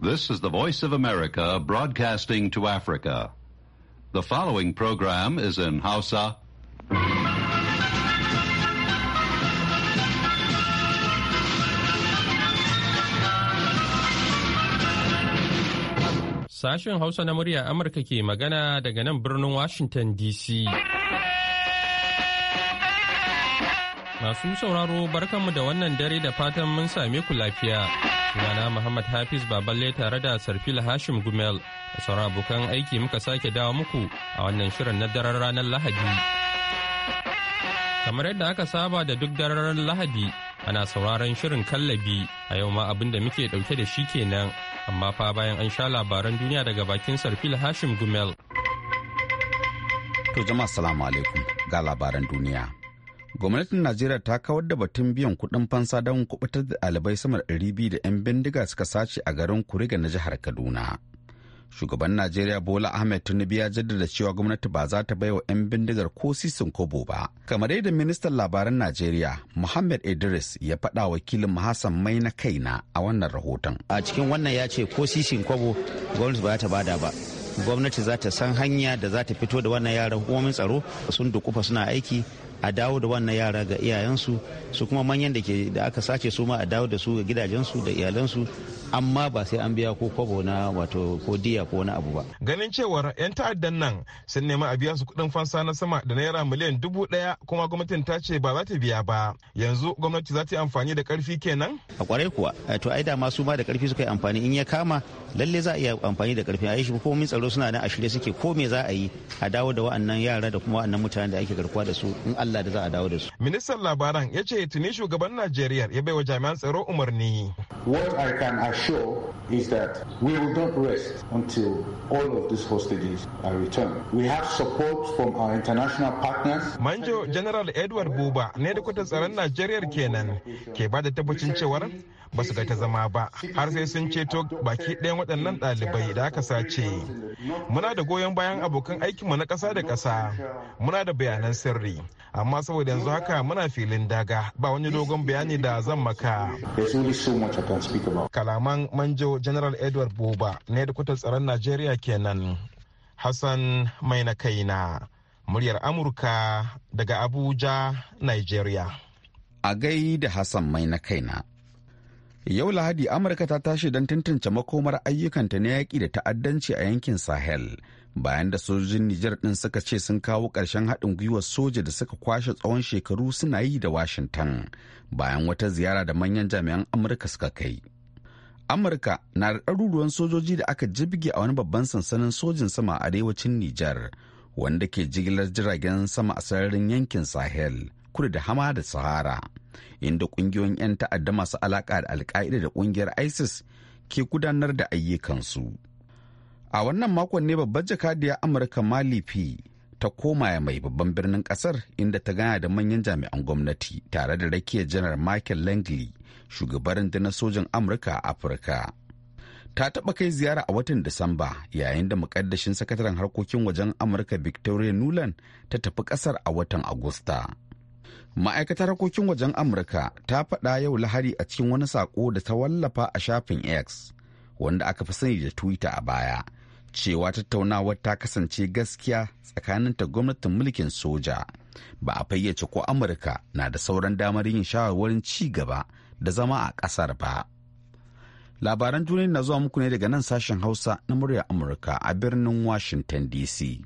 This is the Voice of America broadcasting to Africa. The following program is in Hausa. Sashen Hausa na murya Amurka ke magana daga nan birnin Washington DC. Masu sauraro barkanmu da wannan dare da fatan mun same ku lafiya. Sunana Muhammad Hafiz Baballe tare da Sarfil Hashim Gumel da sauran abokan aiki muka sake dawo muku a wannan shirin na daren ranar Lahadi. Kamar yadda aka saba da duk daren Lahadi ana sauraron shirin kallabi a yau ma abin da muke dauke da shi kenan amma fa bayan an sha labaran duniya daga bakin Sarfil Hashim Gumel. To jama'a salamu alaikum ga labaran duniya. gwamnatin najeriya ta kawar da batun biyan kuɗin fansa don kubutar da ɗalibai sama da ɗari biyu da 'yan bindiga suka sace a garin kuriga na jihar kaduna shugaban najeriya bola ahmed tinubu ya jaddada cewa gwamnati ba za ta baiwa 'yan bindigar ko sisin kobo ba kamar yadda ministan labaran najeriya muhammad idris ya faɗa wakilin mahasan mai na kaina a wannan rahoton a cikin wannan ya ce ko sisin kobo gwamnati ba ta bada ba gwamnati za ta san hanya da za ta fito da wannan yaran hukumomin tsaro sun dukufa suna aiki a dawo da wannan yara ga iyayensu su kuma manyan da aka sace su ma a dawo da su ga gidajensu da iyalansu amma ba sai an biya ko kwabo na wato ko diya ko wani abu ba ganin cewar yan ta'addan nan sun nema a biya su kudin fansa na sama da naira miliyan dubu daya kuma gwamnatin ta ce ba za ta biya ba yanzu gwamnati za ta yi amfani da karfi kenan a kwarai kuwa eh, to ai da masu ma da karfi suka yi amfani in ya kama lalle za a iya amfani da karfi a yi shi min tsaro suna nan a shirye suke ko me za a yi a dawo da wa'annan yara da kuma wa'annan mutanen da ake garkuwa da su in Allah da za a dawo da su ministan labaran ya ce tuni shugaban Najeriya ya bai wa jami'an tsaro umarni what i sure is that we will not rest until all of these hostages are returned. We have support from our international partners. Manjo General Edward Buba, ne da tsaron kenan, ke ba da cewar ba su ga ta zama ba har sai sun ceto baki ɗayan waɗannan ɗalibai da aka sace muna da goyon bayan abokan aikinmu na ƙasa da ƙasa muna da bayanan sirri amma saboda yanzu haka muna filin daga ba wani dogon bayani da zan maka kalaman manjo general edward boba na kwatar tsaron najeriya kenan hassan mai na kaina muryar amurka daga abuja nigeria a gai da hassan mai na kaina Yau Lahadi Amurka ta tashi don tantance makomar ayyukanta na yaƙi da ta'addanci a yankin Sahel. Bayan da sojojin Nijar ɗin suka ce sun kawo ƙarshen haɗin gwiwar soja da suka kwashe tsawon shekaru suna yi da Washington bayan wata ziyara da manyan jami'an Amurka suka kai. Amurka na da ɗaruruwan sojoji da aka jibge a wani babban sansanin sojin sama a arewacin Nijar wanda ke jigilar jiragen sama a sararin yankin Sahel. kudu da hama da sahara inda kungiyoyin 'yan ta'adda masu alaka da alka'ida da kungiyar isis ke gudanar da ayyukansu a wannan makon ne babbar jakadiyar amurka malifi ta koma mai babban birnin kasar inda ta gana da manyan jami'an gwamnati tare da rakiyar janar michael langley shugaban na sojan amurka a afirka ta taɓa kai ziyara a watan Disamba yayin da mukaddashin sakataren harkokin wajen Amurka Victoria Nuland ta tafi kasar a watan Agusta. ma'aikatar harkokin wajen amurka ta faɗa yau lahari a cikin wani saƙo da ta wallafa a shafin x wanda aka fi sani da twitter a baya cewa tattaunawar ta kasance gaskiya tsakanin ta gwamnatin mulkin soja ba a fayyace ko amurka na da sauran damar yin shawarwarin ci gaba da zama a ƙasar ba labaran duniya na zuwa muku ne daga nan sashen hausa na muryar amurka a birnin washington dc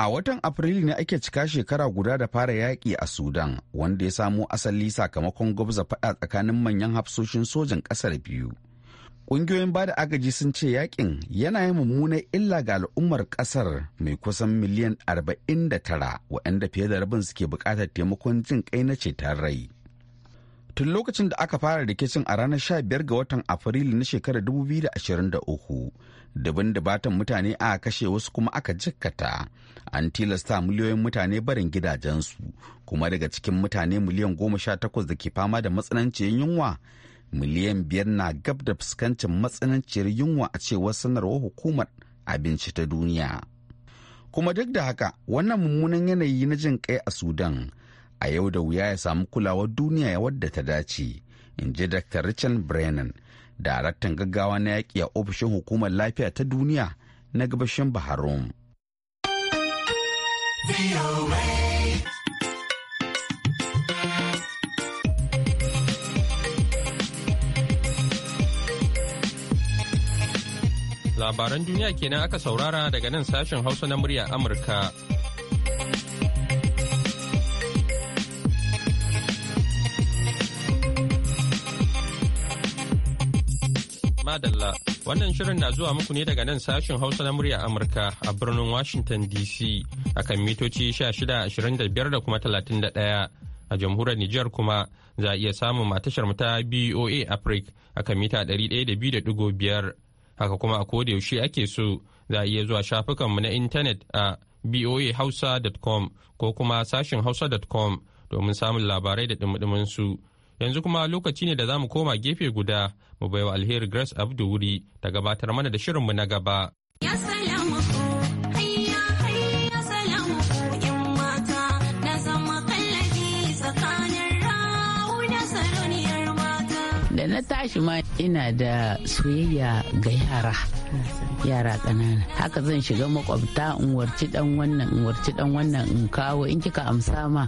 A watan Afrilu ne ake cika shekara guda da fara yaƙi a Sudan, wanda ya samo asali sakamakon gwabza faɗa tsakanin manyan hafsoshin sojan ƙasar biyu. Ƙungiyoyin bada agaji sun ce yaƙin yana yin mummunar illa ga al'ummar ƙasar mai kusan miliyan 49 waɗanda fiye da rabin suke buƙatar taimakon jin ƙai na ceton rai. tun lokacin da aka fara rikicin a ranar 15 ga watan afrilu na shekarar 2023 daban da batan mutane a kashe wasu kuma aka jikkata an tilasta miliyoyin mutane barin gidajensu kuma daga cikin mutane miliyan 18 da ke fama da matsananciyar yunwa miliyan biyar na gab da fuskancin matsananciyar yunwa a cewar sanarwar hukumar abinci ta duniya kuma duk da haka wannan mummunan yanayi na jin kai a sudan a yau da wuya ya samu kulawar duniya ya wadda ta dace in ji dr richard brennan daraktan gaggawa na yaƙi a ofishin hukumar lafiya ta duniya na gabashin baharom labaran duniya kenan aka saurara daga nan sashen hausa na murya amurka Madalla, wannan shirin na zuwa muku ne daga nan sashen Hausa na murya Amurka a birnin Washington DC akan mitoci 1625 da kuma 31 a jamhuriyar Nijar kuma za a iya samun matashar ta BOA Africa akan mita 102.5 haka kuma a koda yaushe ake so za a iya zuwa shafukanmu na intanet a boahausa.com ko kuma sashen hausa.com domin samun labarai da dumudumin su. yanzu kuma lokaci ne da za mu koma gefe guda mu bai wa alheri grace abdu wuri ta gabatar mana da shirinmu na gaba. Yes, na tashi ma ina da soyayya ga yara yara ƙanana haka zan shiga makwabta in warci dan wannan in warci dan wannan in kawo in kika amsa ma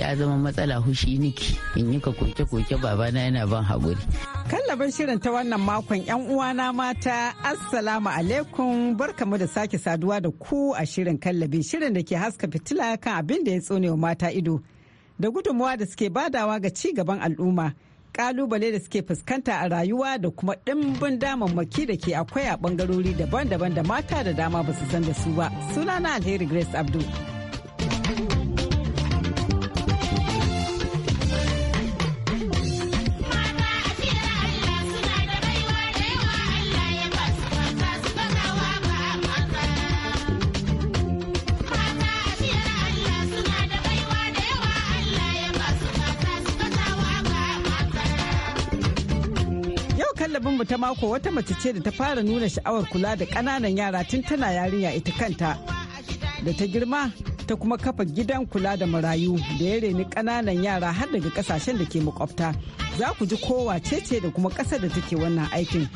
ya zama matsala hushi niki in yi ka koke koke babana yana ban haƙuri kallaban shirin ta wannan makon yan uwana mata assalamu alaikum barkamu da sake saduwa da ku a shirin kallabi shirin da ke haska fitila kan abin da ya tsonewa mata ido da gudunmuwa da suke badawa ga ci gaban al'umma kalubale da suke fuskanta a rayuwa da kuma ɗimbin damammaki da ke akwai a bangarori daban-daban da mata da dama ba su san da su ba sunana alheri grace abdul mu ta mako wata mace ce da ta fara nuna sha'awar kula da ƙananan yara tun tana yarinya ita kanta. Da ta girma ta kuma kafa gidan kula da marayu da ya reni ƙananan yara har daga ƙasashen da ke makwabta. Za ku ji kowa ce ce da kuma ƙasar da take wannan aikin.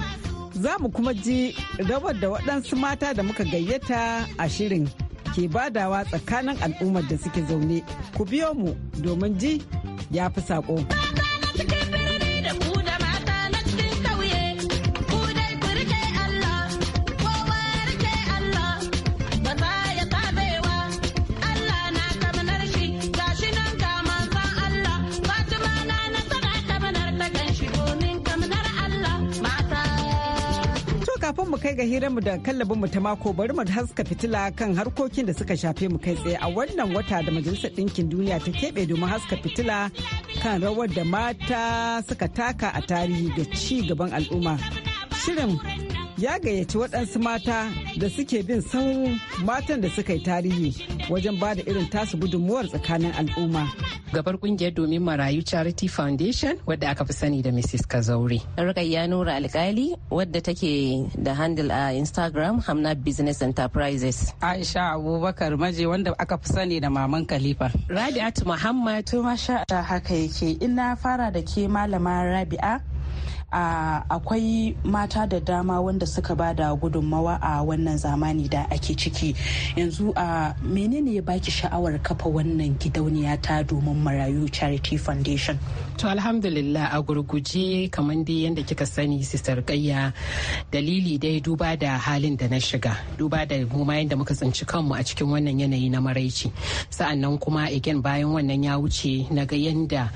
Za mu kuma ji rawar da waɗansu mata da muka gayyata a shirin ke badawa tsakanin al'ummar da suke zaune. Ku biyo mu domin ji ya fi saƙo. mu kai ga hiranmu da kallabin mu ta mako bari mu haska fitila kan harkokin da suka shafe mu kai tsaye a wannan wata da Majalisar Ɗinkin Duniya ta keɓe domin haska fitila kan rawar da mata suka taka a tarihi da ci gaban al'umma. Shirin ya gayyaci waɗansu mata da suke bin sauran matan da suka yi tarihi wajen ba da irin tasu gudunmuwar tsakanin al'umma. Gabar kungiyar domin marayu Charity Foundation wadda aka fi sani da Mrs. Kazauri. Rukayya Nura Alkali wadda take da handle a Instagram Hamna Business Enterprises. Aisha Abubakar Maje wanda aka fi sani da Maman Khalifa. Rabi'atu Muhammad. To masha haka yake ina fara da ke malama Rabi'a akwai mata da dama wanda suka ba da gudunmawa a wannan zamani da ake ciki yanzu a menene ya baki sha'awar kafa wannan gidauniya ta domin marayu charity foundation to alhamdulillah a gurguje kamar dai yadda kika sani sister kayya dalili dai duba da halin da na shiga duba da goma yadda muka tsinci kanmu a cikin wannan yanayi na maraici sa'annan kuma again bayan wannan ya wuce na ga yadda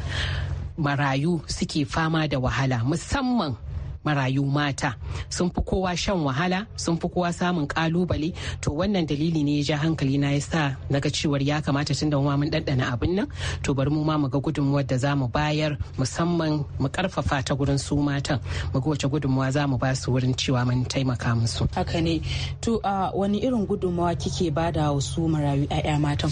marayu suke fama da wahala musamman marayu mata sun fi kowa shan wahala sun fi kowa samun kalubale to wannan dalili ne ya ja hankali na ya sa ga cewar ya kamata tun da mun ɗanɗana abin nan to bari mu ma mu ga gudunmuwa da za mu bayar musamman mu karfafa ta gurin su matan mu ga wace gudunmuwa za mu ba su wurin cewa mun taimaka musu haka ne to wani irin gudunmuwa kike bada wa su marayu 'ya'ya matan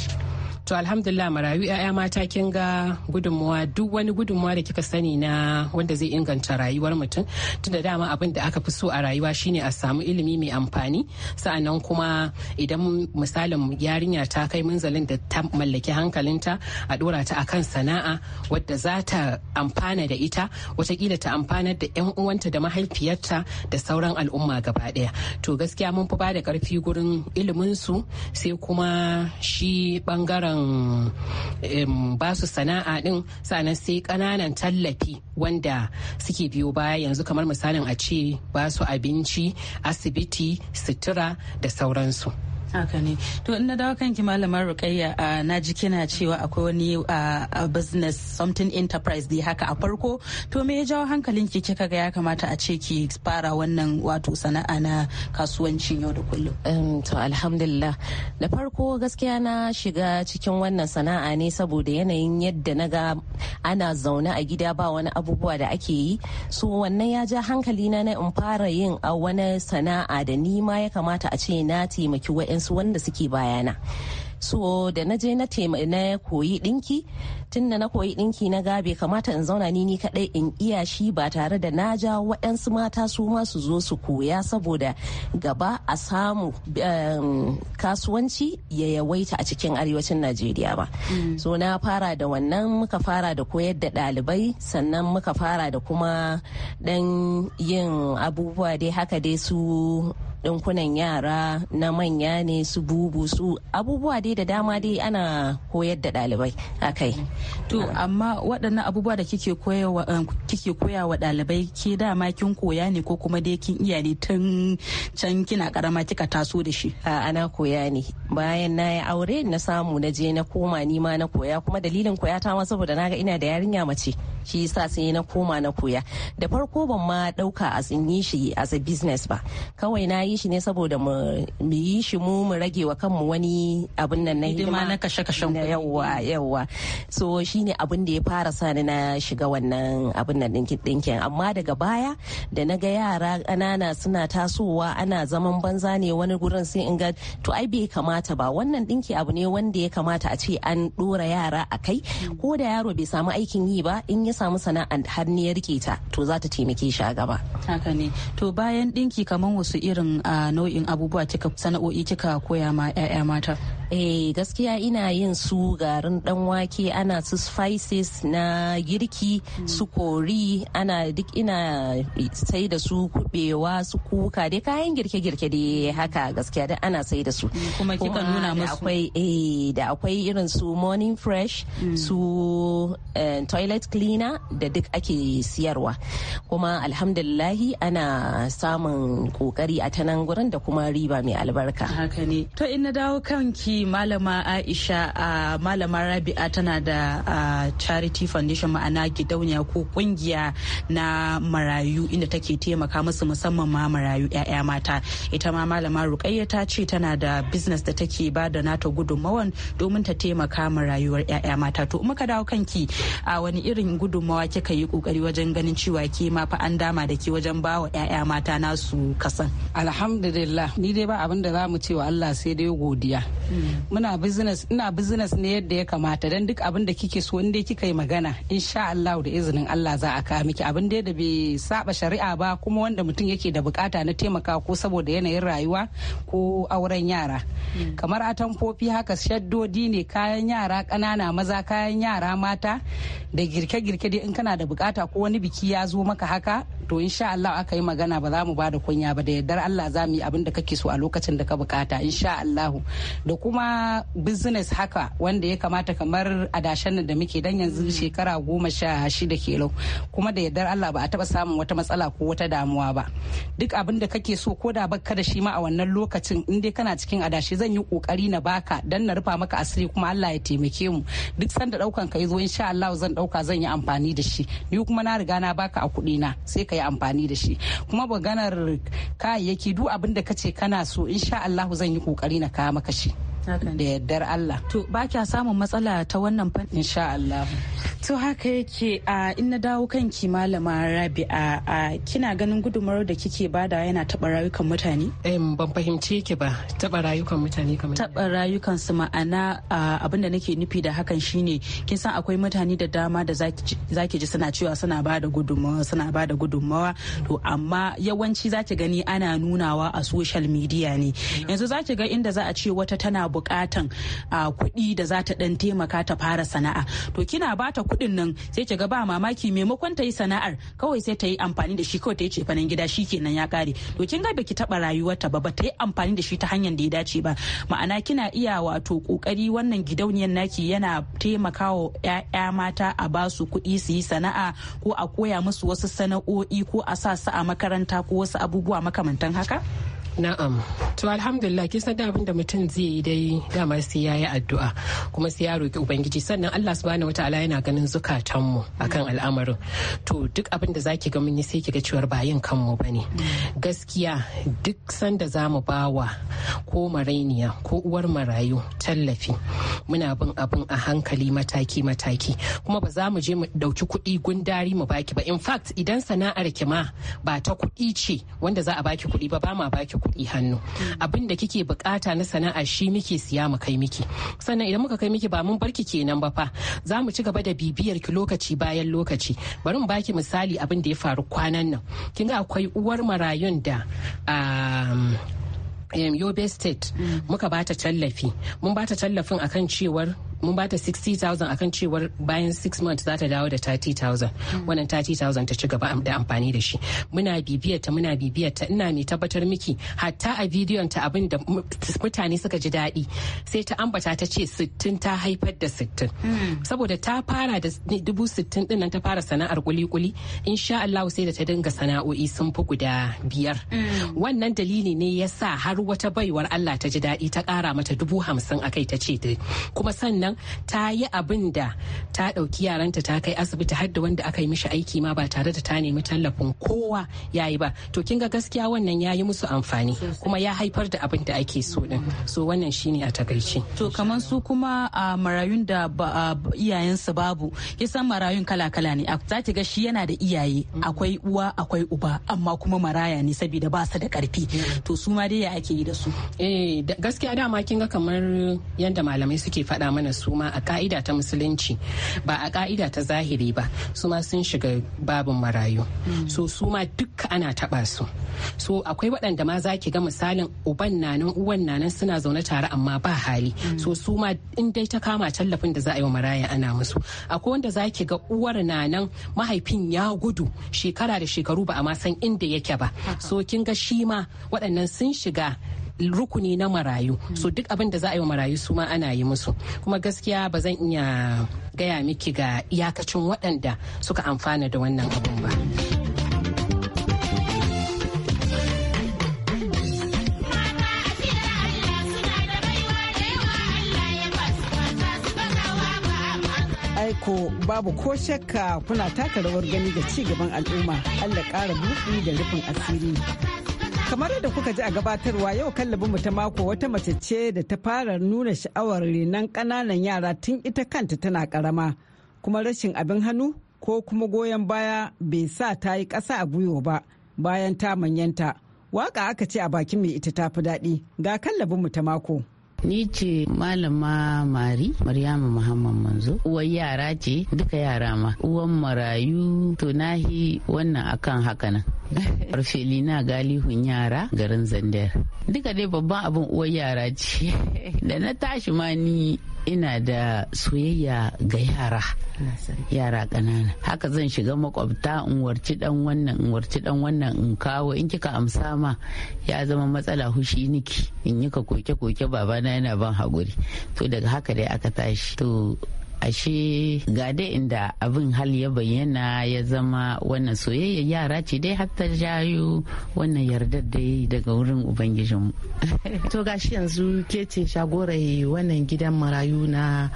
to alhamdulillah marayu 'ya'ya mata kin ga gudunmuwa duk wani gudunmuwa da kika sani na wanda zai inganta rayuwar mutum tunda dama abin da aka fi so a rayuwa shine a samu ilimi mai amfani sa'annan kuma idan misalin yarinya ta kai munzalin da ta mallaki hankalinta a dora ta akan sana'a wadda za ta amfana da ita watakila ta amfana da 'yan uwanta da mahaifiyarta da sauran al'umma gaba daya to gaskiya mun fi ba da karfi gurin ilimin su sai kuma shi bangaren kan ba su sana'a din sannan sai kananan tallafi wanda suke biyo baya yanzu kamar misalin a ce ba su abinci asibiti sutura da sauransu. haka ne to in na dawo kanki malamar rukayya a na ji kina cewa akwai wani a business something enterprise dai haka a farko to me ya jawo hankalin ki kika ga ya kamata a ce ki fara wannan wato sana'a na kasuwancin yau da kullum um, to alhamdulillah da farko gaskiya na shiga cikin wannan sana'a ne saboda yanayin yadda na ga ana zaune a gida ba wani abubuwa da ake yi so wannan ya ja hankali na na in fara yin a wani sana'a da ni ma ya kamata a ce na taimaki wa'in su wanda suke bayana so da na je na koyi ɗinki tun da na koyi ɗinki na gabe kamata in zauna ni ni kaɗai in iya shi ba tare da na ja waɗansu mata su ma su zo su koya saboda gaba a samu um, kasuwanci ya yawaita a cikin arewacin najeriya ba mm. so na fara da wannan muka fara da koyar da ɗalibai sannan muka fara da kuma dan yin abubuwa dai haka dai su ɗinkunan yara na manya ne su bubu su abubuwa dai da dama dai ana koyar da ɗalibai akai. To amma waɗannan abubuwa da kike koya wa eh, ɗalibai ke dama kin koya ne ko kuma dai kin iya ne tun can kina karama kika taso da shi. Ana koya ne bayan na yi aure na samu na je na koma ni ma na koya kuma dalilin koya ta ma saboda naga ina da yarinya mace shi yasa sai na koma na koya da farko ban ma ɗauka a tsinye shi as a business ba kawai na yi yi shi ne saboda mu yi shi mu mu rage wa kanmu wani abin nan na hidima na kashe kashen yawwa yawwa so shine abin da ya fara sani na shiga wannan abin nan ɗinkin dinkin amma daga baya da na ga yara ƙanana suna tasowa ana zaman banza ne wani gurin sai in ga to ai bai kamata ba wannan ɗinki abu ne wanda ya kamata a ce an ɗora yara a kai ko da yaro bai samu aikin yi ba in ya samu sana'a har ne ya rike ta to za ta taimake shi a gaba haka to bayan dinki kamar wasu irin a nau'in abubuwa kika sana'o'i kika koya ma 'ya'ya mata eh gaskiya ina yin su garin dan wake ana su spices na girki mm. su kori ana duk ina sai da su kubewa su kuka dai kayan girke-girke dai haka gaskiya da ana sai da su mm, kuma kika nuna musu akwai eh da akwai irin su morning fresh mm. su eh, toilet cleaner da duk ake siyarwa kuma alhamdulillahi ana samun kokari a tanan gurin da kuma riba mai albarka haka ne to in na dawo kanki malama aisha a malama rabi'a tana da charity foundation ma'ana gidauniya ko kungiya na marayu inda take taimaka musu musamman ma marayu 'ya'ya mata ita ma malama rukayya ta ce tana da business da take ba da nata gudunmawan domin ta taimaka marayuwar 'ya'ya mata to muka dawo kanki a wani irin gudunmawa kika yi kokari wajen ganin cewa ke ma fa an dama da ke wajen ba wa 'ya'ya mata nasu kasan alhamdulillah ni dai ba abin da za mu ce wa Allah sai dai godiya mm. muna business ina business ne yadda ya kamata dan duk abin da kike so inda kika yi magana insha Allah da izinin Allah za a kawo miki abin da bai saba shari'a ba kuma wanda mutum yake da bukata na taimaka ko saboda yanayin rayuwa ko auren yara kamar atamfofi haka shaddodi ne kayan yara kanana maza kayan yara mata da girke-girke dai in kana da bukata ko wani biki ya zo maka haka to insha Allah aka yi magana ba za mu ba da kunya ba da yardar Allah za mu yi abin da kake so a lokacin da ka bukata insha Allah da kuma kuma business haka wanda ya kamata kamar adashen da muke dan yanzu mm. shekara goma sha shida lau kuma da yardar Allah ba a taba samun wata matsala ko wata damuwa ba duk abin da kake so ko da baka da shi ma a wannan lokacin in dai kana cikin adashi zan yi kokari na baka dan na rufa maka asiri kuma Allah ya taimake mu duk sanda daukan ka yazo insha Allah zan dauka zan yi amfani da shi ni kuma na riga na baka a kuɗi na sai ka yi amfani da shi kuma maganar kayayyaki duk abin da kace kana so insha Allah zan yi kokari na kawo maka shi da yardar Allah. To ba kya samun matsala ta wannan fannin insha Allah. To haka yake a in na dawo kanki malama Rabi'a a kina ganin gudumar da kike bada yana taba rayukan mutane? Eh ban fahimci yake ba taba rayukan mutane kamar taba rayukan su ma'ana abin da nake nufi da hakan shine kin san akwai mutane da dama da zaki ji suna cewa suna bada gudummawa suna bada gudummawa to amma yawanci zaki gani ana nunawa a social media ne yanzu zaki ga inda za a ce wata tana bukatan kuɗi da za ta dan taimaka ta fara sana'a to kina bata kuɗin nan sai ki ga ba mamaki maimakon ta yi sana'ar kawai sai ta yi amfani da shi kawai ta yi cefanen gida shi kenan ya kare to kin ga baki taba rayuwarta ba ba ta yi amfani da shi ta hanyar da ya dace ba ma'ana kina iya wato kokari wannan gidauniyar naki yana taimakawa ƴaƴa mata a ba su kuɗi su yi sana'a ko a koya musu wasu sana'o'i ko a sa su a makaranta ko wasu abubuwa makamantan haka Na'am. To alhamdulillah kin san da abin da mutum zai yi dai dama sai ya yi addu'a kuma sai ya roki ubangiji sannan Allah subhanahu wataala yana ganin zukatan mu akan al'amarin. To duk abin da zaki ga mun yi sai kiga cewar ba yin kanmu bane. Gaskiya duk sanda zamu bawa ko marainiya ko uwar marayu tallafi muna bin abin a hankali mataki mataki kuma ba za mu je mu dauki kuɗi gundari mu baki ba in fact idan sana'ar ki ma ba ta kuɗi ce wanda za a baki kuɗi ba ba ma baki kuɗi hannu abin da kike bukata na sana'a shi muke siya mu kai miki sannan idan muka kai miki ba mun barki kenan ba fa za mu ci gaba da bibiyar ki lokaci bayan lokaci bari mu baki misali abin da ya faru kwanan nan kin ga akwai uwar marayun da um, um, yobe state mm. muka bata tallafi mun bata tallafin akan cewar mun bata 60,000 akan cewar bayan 6 months za ta dawo da 30,000 wannan 30,000 ta ci gaba da amfani da shi muna bibiyar ta muna bibiyar ta ina mai tabbatar miki hatta a bidiyon ta abin da mutane suka ji daɗi sai ta ambata ta ce 60 ta haifar da 60 saboda ta fara da dubu 60 din ta fara sana'ar kuli-kuli insha Allah sai da ta dinga sana'o'i sun fi guda biyar wannan dalili ne ya sa har wata baiwar Allah ta ji daɗi ta ƙara mata dubu hamsin a kai ta ce kuma sannan ta yi abin da ta ɗauki yaranta ta kai asibiti har da wanda aka yi mishi aiki ma ba tare da ta nemi tallafin kowa ya yi ba to kin ga gaskiya wannan ya yi musu amfani kuma ya haifar da abin da ake so din so wannan shine a takaice to kamar su kuma a marayun da iyayensu babu kisan marayun kala-kala ne za ki ga shi yana da iyaye akwai uwa akwai uba amma kuma maraya ne saboda ba su da karfi to su ma dai ya ake yi da su eh gaskiya dama kin ga kamar yadda malamai suke faɗa mana su ma a ka'ida ta musulunci ba a ka'ida ta zahiri ba su ma sun shiga babin marayu hmm. so su ma duk ana taba su so akwai waɗanda ma za ki ga misalin uban nanan uwan nanan suna zaune tare amma ba hali hmm. so su ma in dai ta kama tallafin da za a yi wa maraya ana musu akwai wanda za ki ga uwar nanan mahaifin ya gudu shekara da shekaru ba a ma san inda yake ba so kin ga shi ma waɗannan sun shiga rukuni na marayu hmm. so duk abin da za a yi wa marayu su ma ana yi musu kuma gaskiya ba zan iya gaya miki ga iyakacin waɗanda suka amfana da wannan abin ba. aiko babu ko shakka kuna taka rawar gani ga ci gaban al'umma Allah ƙara buɗi da rufin asiri. kamar yadda kuka ji a gabatarwa yau mu ta mako wata mace ce da ta fara nuna sha'awar renon ƙananan yara tun ita kanta tana karama kuma rashin abin hannu ko kuma goyon baya bai sa ta yi ƙasa a gwiwa ba bayan ta manyanta waka aka ce a bakin mai ita ta fi daɗi ga mu ta mako. ni ce malama mari Maryamu muhammad manzo uwar yara ce duka yara ma uwan marayu to nahi wannan akan haka nan Arfelina galihun yara garin Zandar. Duka dai babban abin uwar yara ce. Da na tashi ma ni ina da soyayya ga yara yara ƙanana haka zan shiga makwabta in warci dan wannan in warci dan wannan in kawo in kika amsa ma ya zama matsala hushi niki in yi ka koke koke babana yana ban haƙuri to daga haka dai aka tashi to ashe ga dai inda abin hal ya bayyana ya zama wannan soyayya yara ce dai har ta jayo wannan yardar dai daga wurin ubangijinmu to gashi yanzu ke ce shagorai wannan gidan marayu na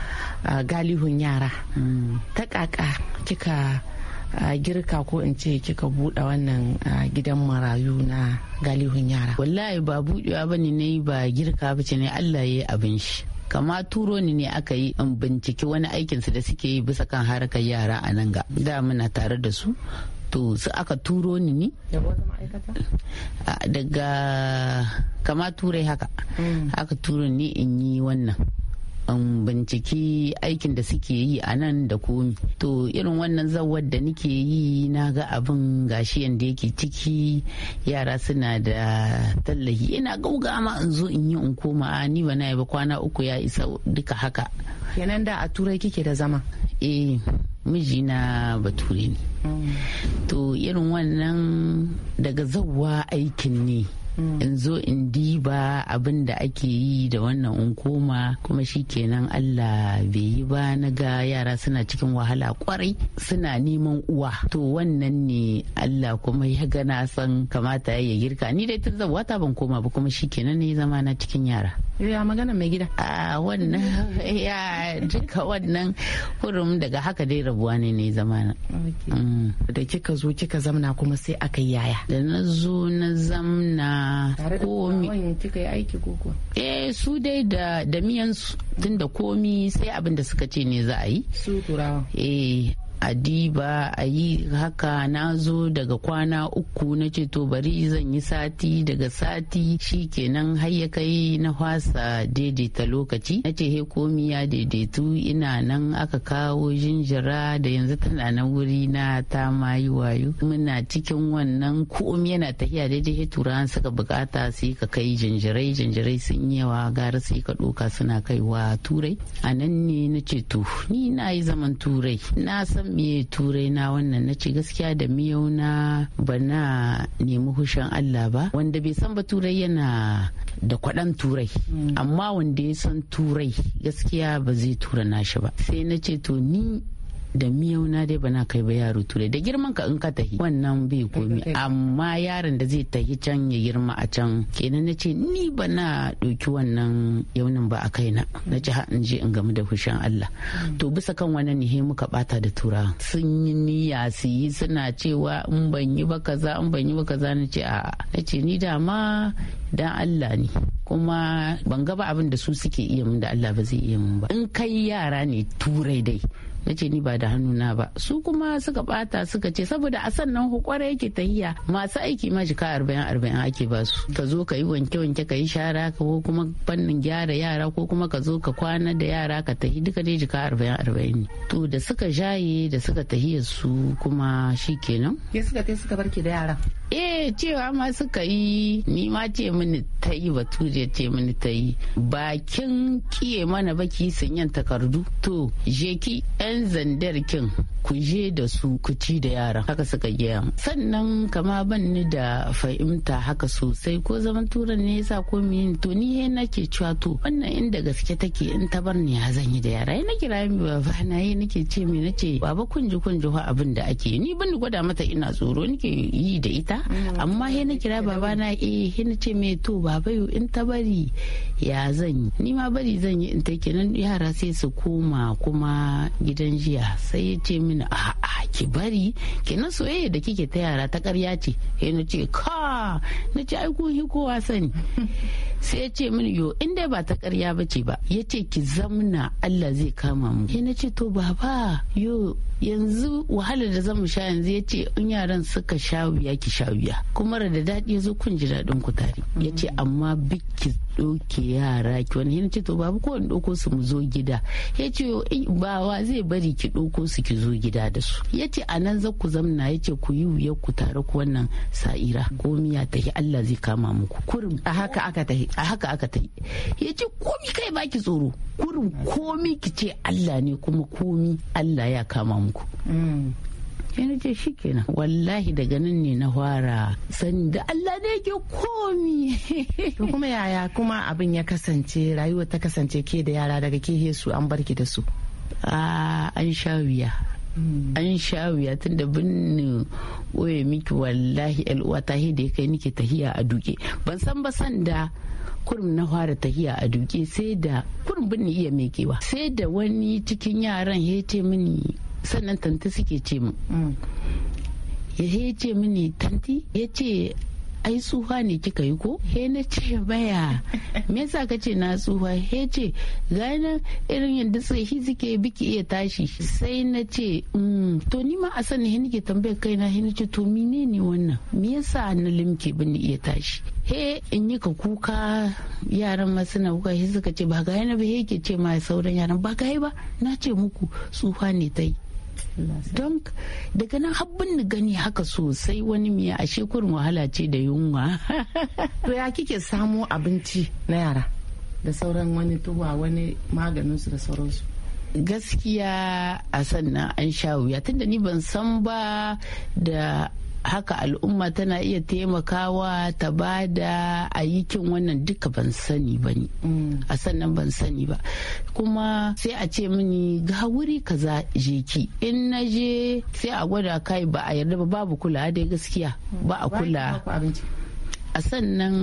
galihun yara mm. ta kaka kika girka ko in ce kika buɗe wannan gidan marayu na galihun yara wallahi ba buɗewa ba ne ba girka bace ne allah ya yi abin shi kama turo ni ne aka yi in binciki wani aikinsu da suke yi bisa kan harkar yara a nan ga da muna tare da su to su aka turo ni ne daga kama turai haka mm. aka turo ni in yi wannan binciki aikin da suke yi a nan da komi to irin wannan zawar da nike yi na ga abin gashi yadda yake ciki yara suna da tallahi ina gauga ma in zo in yi in koma ni ba na ba kwana uku ya isa duka haka kenan da a turai kike da zama eh mijina bature ne mm. to irin wannan daga zawwa aikin ne Mm. in zo in diba abin da ake yi da wannan in koma kuma shikenan Allah bai yi ba na ga yara suna cikin wahala kwarai suna neman uwa to wannan ne Allah kuma ya gana san kamata ya girka ni dai tun wata ban koma ba kuma shikenan ne zama na cikin yara ya magana mai gida a wannan ya duka wannan hurum daga haka dai rabuwa ne ne zama mm. da kika zo kika zamna kuma sai aka yaya da na zo na komi eh su dai da da miyan su tunda komi sai abin da suka ce ne za a yi su turawa eh a diba a yi haka na zo daga kwana uku na ce to bari zan yi sati daga sati shi kenan har ya kai na fasa daidaita lokaci na ce he komi ya daidaitu ina nan aka kawo jinjira da yanzu tana na wuri na ta mayu wayu muna cikin wannan komi yana tafiya daidai he turan suka bukata su ka kai jinjirai jinjirai sun yawa gara sai ka doka suna kaiwa turai a nan ne na ce to ni na yi zaman turai na san me turai na wannan na ce gaskiya da miyau na bana nemi hushin Allah ba wanda bai san ba turai yana da kwaɗan turai mm. amma wanda ya san turai gaskiya ba zai tura nashi ba sai na ce to ni da miyau na dai bana kai ba yaro turai da girman ka in ka tahi wannan bai komi amma yaron da zai tahi can ya girma a can kenan na ce ni bana ɗauki wannan yaunin ba a kai na ce in je in gamu da hushin Allah to bisa kan wannan nihe muka bata da tura sun yi niyya su yi suna cewa in ban yi ba kaza in ban yi ba kaza na ce a'a na ce ni dama dan Allah ne kuma ban gaba abin da su suke iya min da Allah ba zai iya min ba in kai yara ne turai dai ya ce ni ba da hannuna ba su kuma suka bata suka ce saboda a sannan hukwara yake tahiya masu aiki ma jika arba'in arba'in ake ba su ka zo ka yi wanke wanke ka yi shara ko kuma fannin gyara yara ko kuma ka zo ka kwana da yara ka tahi duka dai jika arba'in arba'in ne to da suka jaye da suka tahiya su kuma shi kenan ya suka kai suka barke da yara eh cewa ma suka yi ni ma ce mini ta yi bature ce mini ta yi bakin kiye mana baki sun takardu to je ki yan zandar kin ku je da su ku ci da yaran haka suka gaya sannan kama ban ni da fahimta haka sosai ko zaman turan ne yasa ko yin to ni he nake cewa to wannan inda gaske take in ta bar ni ya zan yi da yara na kira mi baba na yi nake ce mi nace baba kunji kunji abin da ake ni bin gwada mata ina tsoro nake yi da ita Mm. amma he na kira babana e he na ce me to baba in ta bari ya zan yi ni ma bari zan yi in ta kenan yara sai su koma kuma gidan jiya sai ya ce mini a ki bari kenan soyayya da kike ta yara ta karya ce he na ce ka na ce ai kun kowa sani sai ya ce mini yo in dai ba ta karya ba ce ba ya ce ki zamna Allah zai kama mu he na ce to baba yo yanzu wahalar da zamu sha yanzu ya ce in yaran suka sha wuya ki sha wuya kuma da daɗi zo kun ji daɗin ku tare ya ce amma biki ɗauke yara ki wani hin ce to babu ko in ɗauko su mu zo gida ya ce bawa zai bari ki ɗauko su ki zo gida da su ya ce a nan za ku zamna ya ce ku yi wuyar ku tare ku wannan sa'ira ko miya ta Allah zai kama muku kurin a haka aka tahi a haka aka tahi ya ce komi kai baki tsoro kurin komi ki ce Allah ne kuma komi Allah ya kama muku mm. sai ce shi kenan wallahi daga nan ne na fara sani da Allah ne ke komi to kuma yaya kuma abin ya kasance rayuwa ta kasance ke da yara daga ke su an barki da su a an sha wuya hmm. an sha wuya tun da binne oye miki wallahi al'uwa ta da ya kai nike tahiya a duke ban san ba san da kurum na fara tahiya a duke sai da kurum binne iya mekewa sai da wani cikin yaran ya ce mini sannan tanti suke ce min mm. ya ce mini tanti ya ce ai tsufa ne kika yi ko he na ce baya me yasa ka ce na tsufa he ce gani irin yadda yi suke biki iya tashi sai na ce mm, to ni ma a sani he nake tambayar kaina he na ce to mine ne wannan me yasa na limke bani iya tashi he in yi ka kuka yaran ma suna kuka he suka ce ba gaya na ba he ke ce ma sauran yaran ba ba na ce muku tsufa ne ta yi don daga nan habbin ni gani haka sosai wani miya a kurin wahala ce da yunwa to ya kike samo abinci na yara da sauran wani tuwa wani maganinsu da sauransu gaskiya a sannan an sha wuya tunda ni ban san ba da haka al'umma tana iya taimakawa ta ba bada ayyukin wannan duka ban sani ba ne mm. a sannan ban sani ba kuma sai a ce mini ga wuri kaza je ki in na je sai a gwada kai ba a yarda ba babu kula dai gaskiya ba a kula a sannan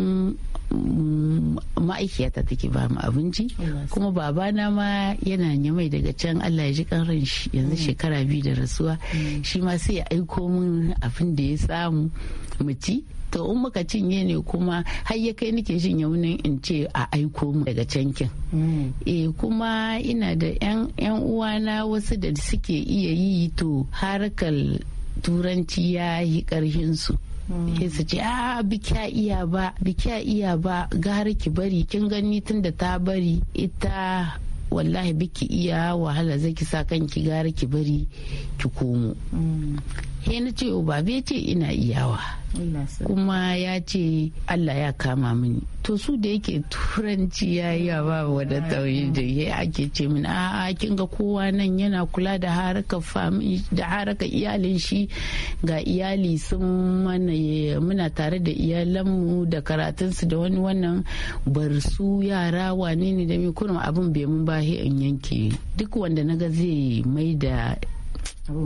Mm, ma'aikiyata take ba mu abinci kuma babana ma yana nyamai daga can Allah ya ji shi yanzu mm. shekara biyu da rasuwa mm. shi ma sai ya aiko min abin da ya samu mu ci to in muka cinye ne kuma har ya kai nake jin yaunin in ce a aiko mu daga cankin eh kuma ina da yan uwana wasu da suke iya yi to harkar turanci ya yi su. Mm. sai su ce a ah, bikya iya ba bikya iya ba gara ki bari kin gani tun da ta bari ita wallahi biki iya wahala zai zaki sa kanki gara ki bari ki komo mm. he na ce ya ce ina iyawa kuma ya ce allah ya kama mini to su da yake turanci ya yi ba wadda tsawon da ya ake ce mini a kin ga kowa nan yana kula da haraka da haraka iyalin shi ga iyali sun mana muna tare da iyalanmu da karatunsu da wani wannan bar su yara wane ne da mai kurin abin bai mun ba in yanke duk wanda na ga zai mai da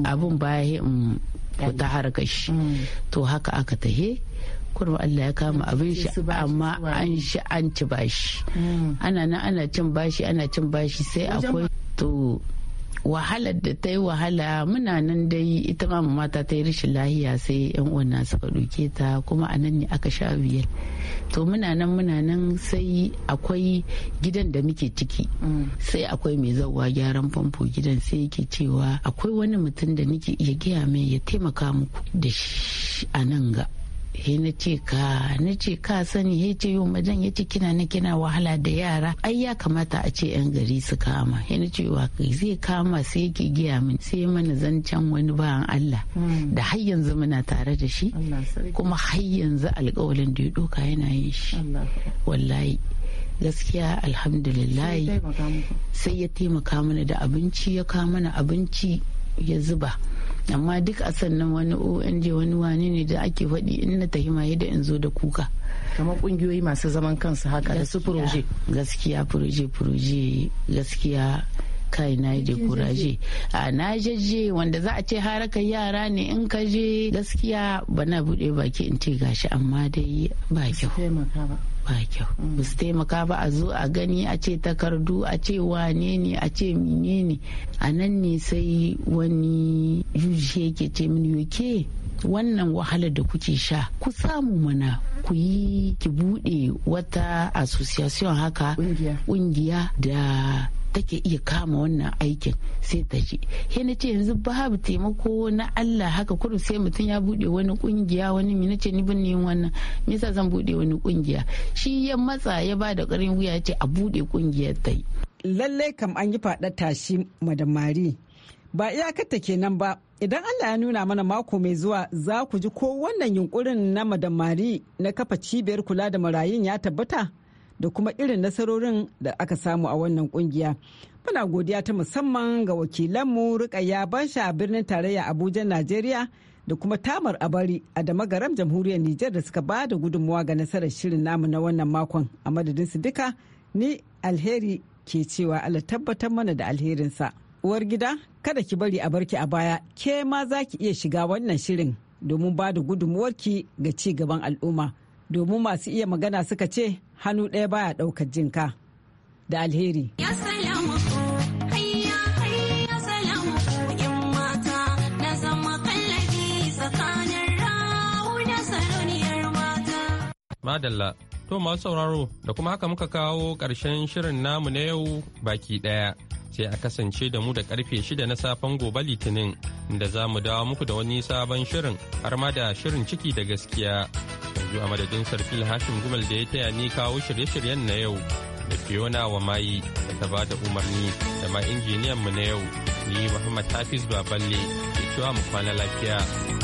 abun baya in fita harkar shi mm. to haka aka tahe kurma Allah ya kama abin shi amma an shi an ci bashi mm. ana nan ana cin bashi ana cin bashi sai akwai to wahalar da ta yi wahala muna nan dai ita ma mata ta yi rashin lahiya sai yan uwan suka ɗauke ta kuma a nan ne aka sha biyar to muna nan muna nan sai akwai gidan da muke ciki mm. sai akwai mai zauwa gyaran famfo gidan sai yake cewa akwai wani mutum da nake iya gaya mai ya taimaka muku da shi a nan ga he na ce ka na ce ka sani he ce yau madan ya ce kina na kina wahala da yara ai ya kamata a ce yan gari su kama he na ce wa zai kama sai ki giya min sai mana zancen wani bayan Allah hmm. da har yanzu muna tare da shi kuma har yanzu alkawalin da ya doka yana yin shi wallahi gaskiya alhamdulillah sai ya taimaka mana da abinci ya kawo mana abinci ya zuba amma duk a sannan wani ong wani wane ne da ake faɗi in na ta himaye yadda in zo da kuka kamar ƙungiyoyi masu zaman kansu haka da su proje gaskiya proje proje gaskiya kai na yi kuraje a na jeje wanda za a ce haraka yara ne in ka je gaskiya bana buɗe baki in ce gashi amma dai ba kyau ba kyau mm. ba su taimaka ba a zo a gani a ce takardu a ce wane ne a ce mine ne a nan ne sai wani yuji yake ce mini yake wannan wahalar da kuke sha ku samu mana ku yi ki bude wata association haka kungiya da take iya kama wannan aikin sai ta je sai na ce yanzu babu taimako na Allah haka kurum sai mutum ya bude wani kungiya wani mi nace ni bin yin wannan me yasa zan bude wani kungiya shi ya matsa ya ba da karin wuya ce a bude kungiyar ta yi lalle kam an yi fadar tashi madam ba iyakar ta kenan ba idan Allah ya nuna mana mako mai zuwa za ku ji ko wannan yunkurin na madam mari na kafa cibiyar kula da marayun ya tabbata da kuma irin nasarorin da aka samu a wannan kungiya. Muna godiya ta musamman ga wakilanmu Rukayya Bansha a birnin tarayya Abuja, Najeriya da kuma Tamar a bari a magaram Jamhuriyar Nijar da suka ba da gudunmuwa ga nasarar shirin namu na wannan makon a madadin su duka ni alheri ke cewa Allah tabbatar mana da alherinsa. Uwar gida kada ki bari a barki a baya ke ma za ki iya shiga wannan shirin domin ba da gudunmuwarki ga ci gaban al'umma. domin masu iya magana suka ce hannu ɗaya baya ɗaukar jinka da alheri. Madalla, to masu sauraro da kuma haka muka kawo ƙarshen shirin namu na yau baki ɗaya. sai a kasance da mu da karfe shida na safen gobe litinin da za mu dawo muku da wani sabon shirin har ma da shirin ciki da gaskiya yanzu a madadin sarfil hashim gumal da ya taya ni kawo shirye-shiryen na yau da fiona wa mayi da ta ba da umarni da ma injiniyan mu na yau ni muhammad hafiz baballe ke cewa mu kwana lafiya